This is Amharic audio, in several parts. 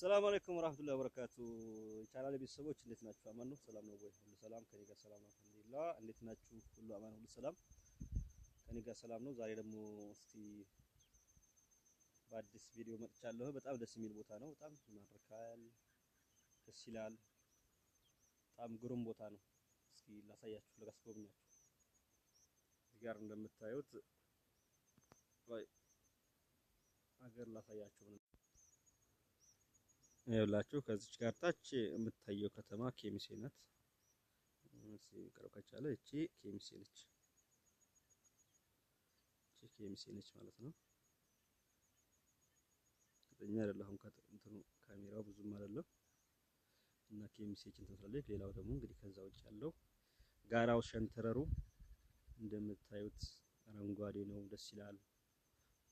ሰላም አለይኩም ወራህመቱላሂ ወበረካቱ። ቻናል ቤተሰቦች እንዴት ናችሁ? አማን ነው? ሰላም ነው ወይ? ሁሉ ሰላም ከኔ ጋር ሰላም ነው። አልሐምዱሊላህ። እንዴት ናችሁ? ሁሉ አማን፣ ሁሉ ሰላም ከኔ ጋር ሰላም ነው። ዛሬ ደግሞ እስቲ በአዲስ ቪዲዮ መጥቻለሁ። በጣም ደስ የሚል ቦታ ነው። በጣም ይማርካል፣ ደስ ይላል። በጣም ግሩም ቦታ ነው። እስኪ ላሳያችሁ፣ ላስጎብኛችሁ። እዚህ ጋር እንደምታዩት አገር ላሳያችሁ ይኸውላችሁ ከዚች ጋር ታች የምታየው ከተማ ኬሚሴ ናት። ቅርብ ከቻለ እቺ ኬሚሴ ነች። እቺ ኬሚሴ ነች ማለት ነው። እኛ አይደለሁም ከእንትኑ ካሜራው ብዙም አይደለም እና ኬሚሴ እቺን ትመስላለች። ሌላው ደግሞ እንግዲህ ከዛ ውጭ ያለው ጋራው ሸንተረሩ እንደምታዩት አረንጓዴ ነው፣ ደስ ይላል።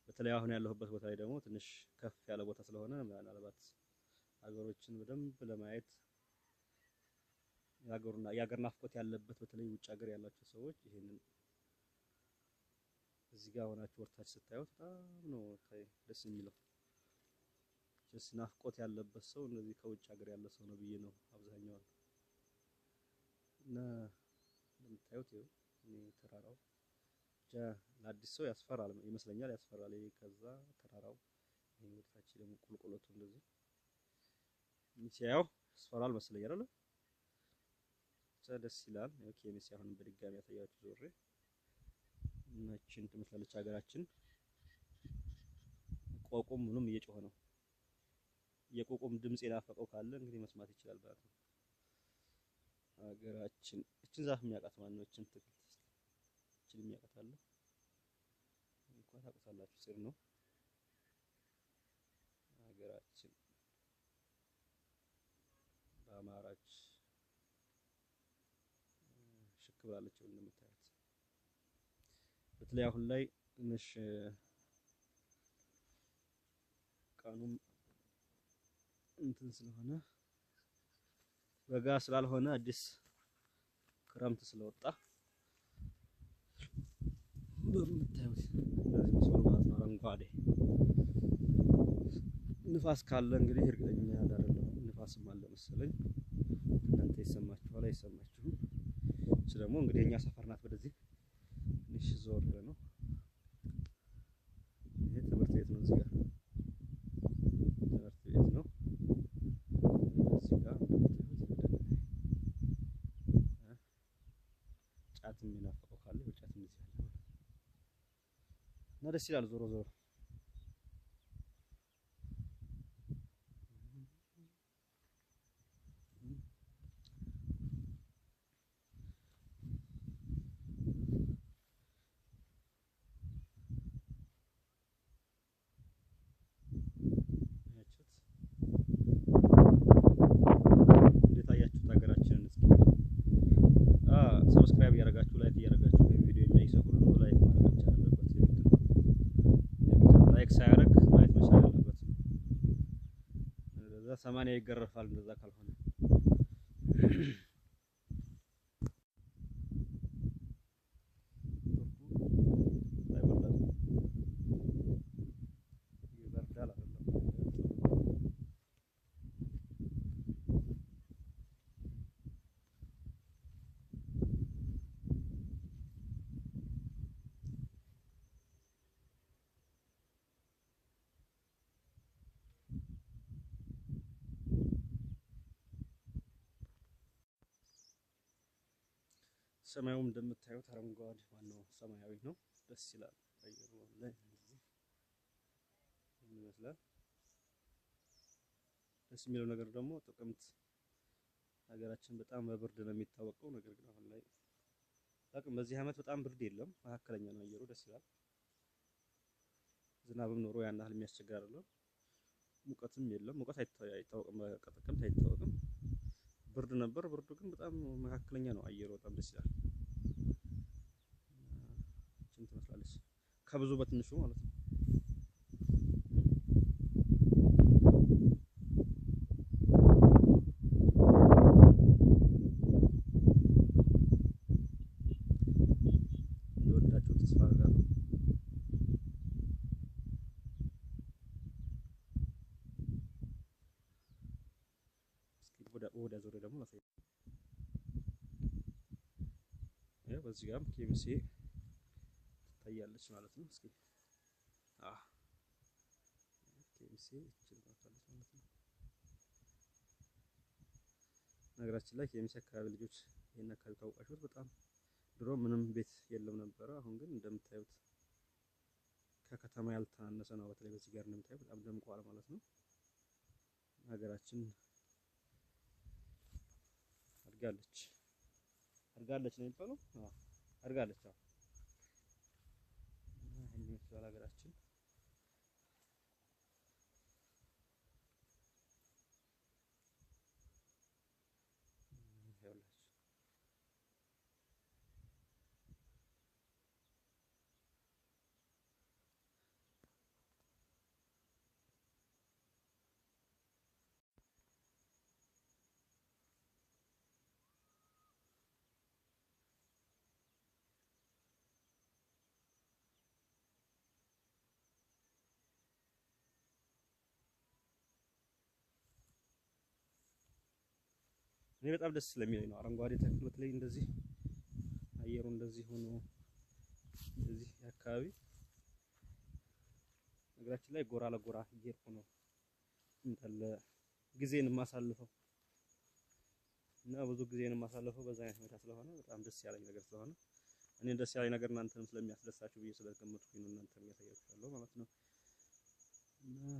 በተለይ አሁን ያለሁበት ቦታ ላይ ደግሞ ትንሽ ከፍ ያለ ቦታ ስለሆነ ምናልባት ሀገሮችን በደንብ ለማየት የሀገር ናፍቆት ያለበት በተለይ ውጭ ሀገር ያላቸው ሰዎች ይሄንን እዚህ ጋር ሆናችሁ ወርታችሁ ስታዩት በጣም ነው ደስ የሚለው። ደስ ናፍቆት ያለበት ሰው እነዚህ ከውጭ ሀገር ያለ ሰው ነው ብዬ ነው አብዛኛው እና እንደምታዩት ተራራው ለአዲስ ሰው ያስፈራል ይመስለኛል፣ ያስፈራል። ከዛ ተራራው ይሄ ወደታች ደግሞ ቁልቁለቱ እንደዚህ ሚስያው ስፈራል መሰለኝ አይደል? ደስ ይላል። ኦኬ ሚስያ አሁንም በድጋሚ ያሳያችሁ ዞሬ እናችን ትመስላለች ሀገራችን። ቆቁም ምኑም እየጮኸ ነው። የቆቁም ድምጽ የናፈቀው ካለ እንግዲህ መስማት ይችላል ማለት ነው። ሀገራችን እችን ዛፍ የሚያውቃት ማን ነው? እችን ትክል እችን የሚያውቃት አለ እንኳን ታውቁታላችሁ። ነው ሀገራችን ብላለች። እንደምታዩት በተለይ አሁን ላይ ትንሽ ቀኑም እንትን ስለሆነ በጋ ስላልሆነ አዲስ ክረምት ስለወጣ በምታዩት መስሎ ማለት ነው። አረንጓዴ ንፋስ ካለ እንግዲህ እርግጠኛ አይደለሁም። ንፋስም አለ መሰለኝ። እናንተ ይሰማችኋል አይሰማችሁም? እች ደግሞ እንግዲህ የኛ ሰፈር ናት። ወደዚህ ትንሽ ዞር ነው። ይሄ ትምህርት ቤት ነው። እዚህ ጋር ትምህርት ቤት ነው። እዚህ ጫት የሚናፍቀው ካለ በጫት እና ደስ ይላል ዞሮ ዞሮ ሰማንያ ይገረፋል እንደዛ ካልሆነ ሰማዩ እንደምታዩት አረንጓዴ ዋናው ሰማያዊ ነው። ደስ ይላል። አየሩ ላይ ይመስላል። ደስ የሚለው ነገር ደግሞ ጥቅምት ሀገራችን በጣም በብርድ ነው የሚታወቀው። ነገር ግን አሁን ላይ በቃ በዚህ ዓመት በጣም ብርድ የለም፣ መካከለኛ ነው አየሩ። ደስ ይላል። ዝናብም ኖሮ ያን ያህል የሚያስቸግር አይደለም። ሙቀትም የለም። ሙቀት አይታወቅም፣ ጥቅምት አይታወቅም። ብርድ ነበር። ብርዱ ግን በጣም መካከለኛ ነው አየሩ። በጣም ደስ ይላል። ከብዙ በትንሹ ማለት ነው። ወደ ዙሪያ ደግሞ በዚህ ጋር ኬሚሴ ታያለች ማለት ነው። እስኪ ነገራችን ላይ ኬሚሴ አካባቢ ልጆች ይሄን አካባቢ ካወቃችሁት በጣም ድሮ ምንም ቤት የለም ነበረ። አሁን ግን እንደምታዩት ከከተማ ያልተናነሰ ነው። በተለይ በዚህ ጋር እንደምታዩት በጣም ደምቋል ማለት ነው። ሀገራችን አድጋለች አድጋለች ነው የሚባለው። አድጋለች አዎ Gracias. እኔ በጣም ደስ ስለሚለኝ ነው። አረንጓዴ ተክል ላይ እንደዚህ አየሩ እንደዚህ ሆኖ እንደዚህ አካባቢ እግራችን ላይ ጎራ ለጎራ እየሄድኩ ነው እንዳለ ጊዜን የማሳልፈው እና ብዙ ጊዜን የማሳልፈው በዛ አይነት ሁኔታ ስለሆነ በጣም ደስ ያለኝ ነገር ስለሆነ እኔ ደስ ያለኝ ነገር እናንተንም ስለሚያስደሳችሁ ብዬ ስለገመትኩኝ ነው እናንተን እያሳያችሁ ያለው ማለት ነው። እና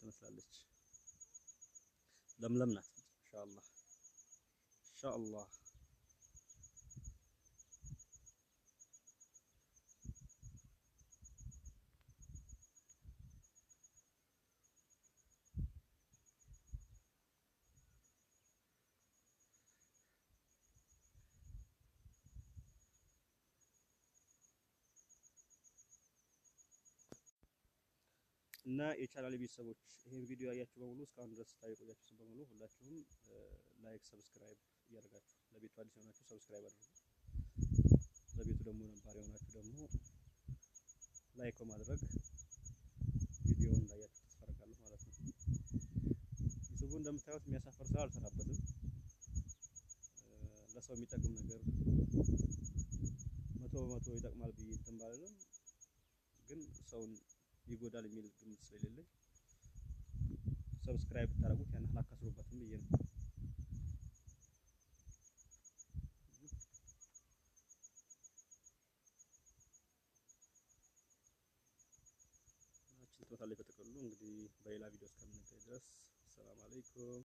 ትመስላለች لملمنا ان شاء الله ان شاء الله እና የቻናል ቤተሰቦች ይህን ቪዲዮ ያያችሁ በሙሉ እስካሁን ድረስ ታየቆያችሁ በሙሉ ሁላችሁም ላይክ፣ ሰብስክራይብ እያደረጋችሁ ለቤቱ አዲስ የሆናችሁ ሰብስክራይብ አድርጉ። ለቤቱ ደግሞ ነባር የሆናችሁ ደግሞ ላይክ በማድረግ ቪዲዮውን እንዳያችሁ ተስፋ አደርጋለሁ ማለት ነው። ዩቱቡ እንደምታዩት የሚያሳፈር ስራ አልሰራበትም። ለሰው የሚጠቅም ነገር መቶ በመቶ ይጠቅማል ብዬ እንትን ባልልም ግን ሰውን ይጎዳል የሚል ግምት ስለሌለኝ ሰብስክራይብ ብታደርጉት ያን ያህል አካስሩበትም ብዬ ነው። ትወታለች በጥቅሉ እንግዲህ በሌላ ቪዲዮ እስከምንገናኝ ድረስ ሰላም አለይኩም።